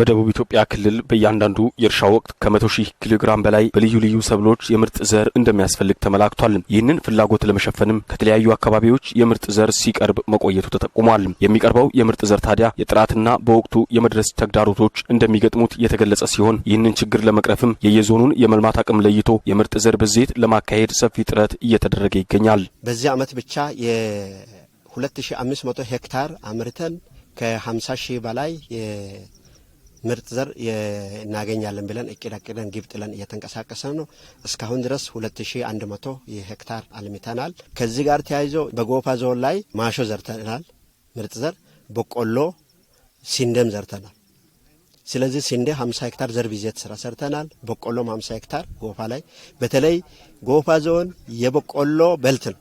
በደቡብ ኢትዮጵያ ክልል በእያንዳንዱ የእርሻ ወቅት ከመቶ ሺህ ኪሎ ግራም በላይ በልዩ ልዩ ሰብሎች የምርጥ ዘር እንደሚያስፈልግ ተመላክቷል። ይህንን ፍላጎት ለመሸፈንም ከተለያዩ አካባቢዎች የምርጥ ዘር ሲቀርብ መቆየቱ ተጠቁሟል። የሚቀርበው የምርጥ ዘር ታዲያ የጥራትና በወቅቱ የመድረስ ተግዳሮቶች እንደሚገጥሙት የተገለጸ ሲሆን ይህንን ችግር ለመቅረፍም የየዞኑን የመልማት አቅም ለይቶ የምርጥ ዘር ብዜት ለማካሄድ ሰፊ ጥረት እየተደረገ ይገኛል። በዚህ ዓመት ብቻ የ2500 ሄክታር አምርተን ከ50 ሺህ በላይ ምርጥ ዘር እናገኛለን ብለን እቅድ አቅደን ግብ ጥለን እየተንቀሳቀሰ ነው። እስካሁን ድረስ 2100 ሄክታር አልሚተናል። ከዚህ ጋር ተያይዞ በጎፋ ዞን ላይ ማሾ ዘርተናል፣ ምርጥ ዘር በቆሎ፣ ሲንዴም ዘርተናል። ስለዚህ ሲንዴ 50 ሄክታር ዘር ቢዜት ስራ ሰርተናል። በቆሎም 50 ሄክታር ጎፋ ላይ በተለይ ጎፋ ዞን የበቆሎ ቤልት ነው፣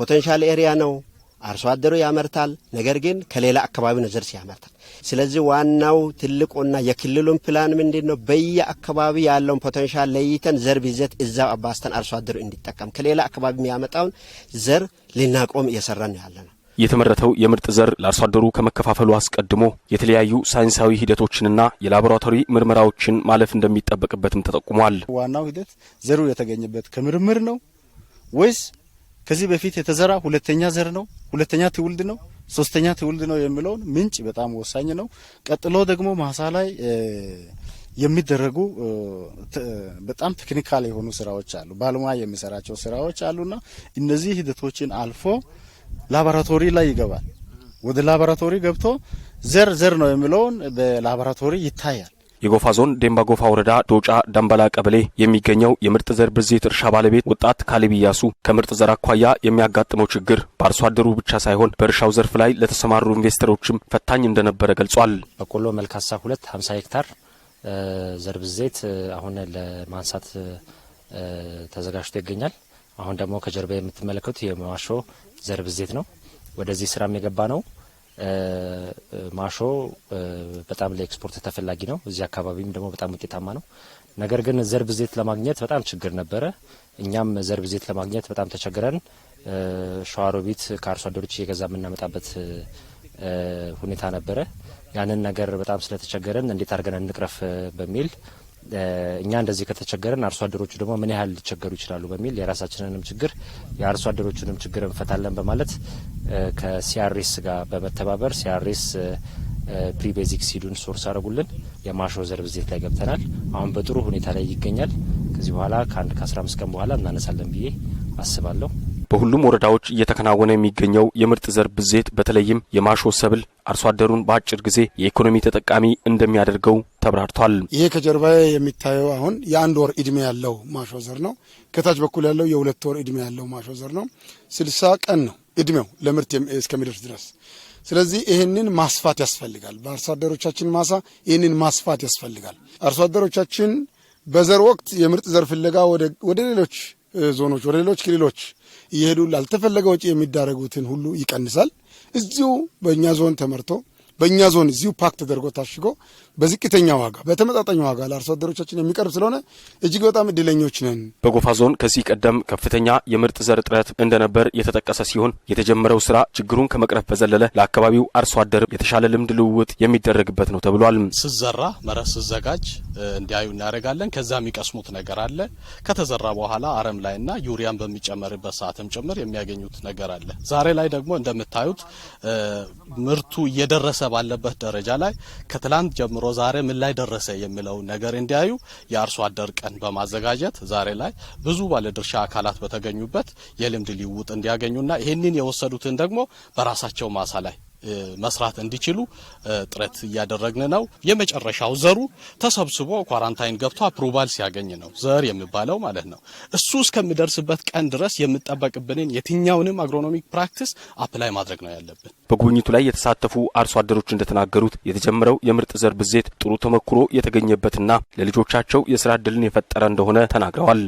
ፖቴንሻል ኤሪያ ነው። አርሶ አደሩ ያመርታል። ነገር ግን ከሌላ አካባቢ ነው ዘርስ ያመርታል። ስለዚህ ዋናው ትልቁና የክልሉን ፕላን ምንድን ነው? በየአካባቢ ያለውን ፖቴንሻል ለይተን ዘር ቢዘት እዛው አባስተን አርሶ አደሩ እንዲጠቀም ከሌላ አካባቢ የሚያመጣውን ዘር ልናቆም እየሰራን ያለ ነው። የተመረተው የምርጥ ዘር ለአርሶ አደሩ ከመከፋፈሉ አስቀድሞ የተለያዩ ሳይንሳዊ ሂደቶችንና የላቦራቶሪ ምርመራዎችን ማለፍ እንደሚጠበቅበትም ተጠቁሟል። ዋናው ሂደት ዘሩ የተገኘበት ከምርምር ነው ወይስ ከዚህ በፊት የተዘራ ሁለተኛ ዘር ነው፣ ሁለተኛ ትውልድ ነው፣ ሶስተኛ ትውልድ ነው የሚለውን ምንጭ በጣም ወሳኝ ነው። ቀጥሎ ደግሞ ማሳ ላይ የሚደረጉ በጣም ቴክኒካል የሆኑ ስራዎች አሉ፣ ባለሙያ የሚሰራቸው ስራዎች አሉና እነዚህ ሂደቶችን አልፎ ላቦራቶሪ ላይ ይገባል። ወደ ላቦራቶሪ ገብቶ ዘር ዘር ነው የሚለውን በላቦራቶሪ ይታያል። የጎፋ ዞን ዴምባ ጎፋ ወረዳ ዶጫ ደንበላ ቀበሌ የሚገኘው የምርጥ ዘር ብዜት እርሻ ባለቤት ወጣት ካሌብ እያሱ ከምርጥ ዘር አኳያ የሚያጋጥመው ችግር በአርሶ አደሩ ብቻ ሳይሆን በእርሻው ዘርፍ ላይ ለተሰማሩ ኢንቨስተሮችም ፈታኝ እንደነበረ ገልጿል። በቆሎ መልካሳ ሁለት ሀምሳ ሄክታር ዘር ብዜት አሁን ለማንሳት ተዘጋጅቶ ይገኛል። አሁን ደግሞ ከጀርባ የምትመለከቱት የመዋሾ ዘር ብዜት ነው። ወደዚህ ስራም የገባ ነው። ማሾ በጣም ለኤክስፖርት ተፈላጊ ነው። እዚህ አካባቢም ደግሞ በጣም ውጤታማ ነው። ነገር ግን ዘር ብዜት ለማግኘት በጣም ችግር ነበረ። እኛም ዘር ብዜት ለማግኘት በጣም ተቸግረን ሸዋሮቢት ከአርሶ አደሮች እየገዛ የምናመጣበት ሁኔታ ነበረ። ያንን ነገር በጣም ስለተቸገረን እንዴት አድርገን እንቅረፍ በሚል እኛ እንደዚህ ከተቸገረን አርሶ አደሮቹ ደግሞ ምን ያህል ሊቸገሩ ይችላሉ በሚል የራሳችንንም ችግር የአርሶ አደሮቹንም ችግር እንፈታለን በማለት ከሲያሬስ ጋር በመተባበር ሲያሬስ ፕሪ ቤዚክ ሲዱን ሶርስ አድርጉልን የማሾ ዘር ብዜት ላይ ገብተናል። አሁን በጥሩ ሁኔታ ላይ ይገኛል። ከዚህ በኋላ ከአንድ ከ አምስት ቀን በኋላ እናነሳለን ብዬ አስባለሁ። በሁሉም ወረዳዎች እየተከናወነ የሚገኘው የምርጥ ዘር ብዜት በተለይም የማሾ ሰብል አርሶ አደሩን በአጭር ጊዜ የኢኮኖሚ ተጠቃሚ እንደሚያደርገው ተብራርቷል። ይሄ ከጀርባዬ የሚታየው አሁን የአንድ ወር እድሜ ያለው ማሾ ዘር ነው። ከታች በኩል ያለው የሁለት ወር እድሜ ያለው ማሾ ዘር ነው። ስልሳ ቀን ነው እድሜው ለምርት እስከሚደርስ ድረስ ስለዚህ ይህንን ማስፋት ያስፈልጋል። በአርሶ አደሮቻችን ማሳ ይህንን ማስፋት ያስፈልጋል። አርሶ አደሮቻችን በዘር ወቅት የምርጥ ዘር ፍለጋ ወደ ሌሎች ዞኖች፣ ወደ ሌሎች ክልሎች እየሄዱ ላልተፈለገ ወጪ የሚዳረጉትን ሁሉ ይቀንሳል። እዚሁ በእኛ ዞን ተመርቶ በእኛ ዞን እዚሁ ፓክ ተደርጎ ታሽጎ በዝቅተኛ ዋጋ በተመጣጣኝ ዋጋ ለአርሶ አደሮቻችን የሚቀርብ ስለሆነ እጅግ በጣም እድለኞች ነን። በጎፋ ዞን ከዚህ ቀደም ከፍተኛ የምርጥ ዘር እጥረት እንደነበር የተጠቀሰ ሲሆን የተጀመረው ስራ ችግሩን ከመቅረፍ በዘለለ ለአካባቢው አርሶ አደር የተሻለ ልምድ ልውውጥ የሚደረግበት ነው ተብሏል። ስዘራ መረስ ስዘጋጅ እንዲያዩ እናደርጋለን። ከዛ የሚቀስሙት ነገር አለ። ከተዘራ በኋላ አረም ላይና ዩሪያን በሚጨመርበት ሰዓትም ጭምር የሚያገኙት ነገር አለ። ዛሬ ላይ ደግሞ እንደምታዩት ምርቱ እየደረሰ ባለበት ደረጃ ላይ ከትላንት ጀምሮ ዛሬ ምን ላይ ደረሰ የሚለው ነገር እንዲያዩ የአርሶ አደር ቀን በማዘጋጀት ዛሬ ላይ ብዙ ባለድርሻ አካላት በተገኙበት የልምድ ሊውጥ እንዲያገኙና ይህንን የወሰዱትን ደግሞ በራሳቸው ማሳ ላይ መስራት እንዲችሉ ጥረት እያደረግን ነው። የመጨረሻው ዘሩ ተሰብስቦ ኳራንታይን ገብቶ አፕሩቫል ሲያገኝ ነው ዘር የሚባለው ማለት ነው። እሱ እስከሚደርስበት ቀን ድረስ የምጠበቅብንን የትኛውንም አግሮኖሚክ ፕራክቲስ አፕላይ ማድረግ ነው ያለብን። በጉብኝቱ ላይ የተሳተፉ አርሶ አደሮች እንደተናገሩት የተጀመረው የምርጥ ዘር ብዜት ጥሩ ተመክሮ የተገኘበትና ለልጆቻቸው የስራ እድልን የፈጠረ እንደሆነ ተናግረዋል።